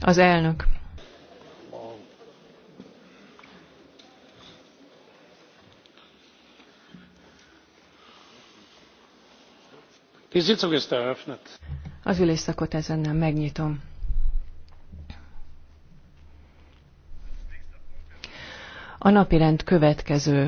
Az elnök. Az ülésszakot ezennel megnyitom. A napirend következő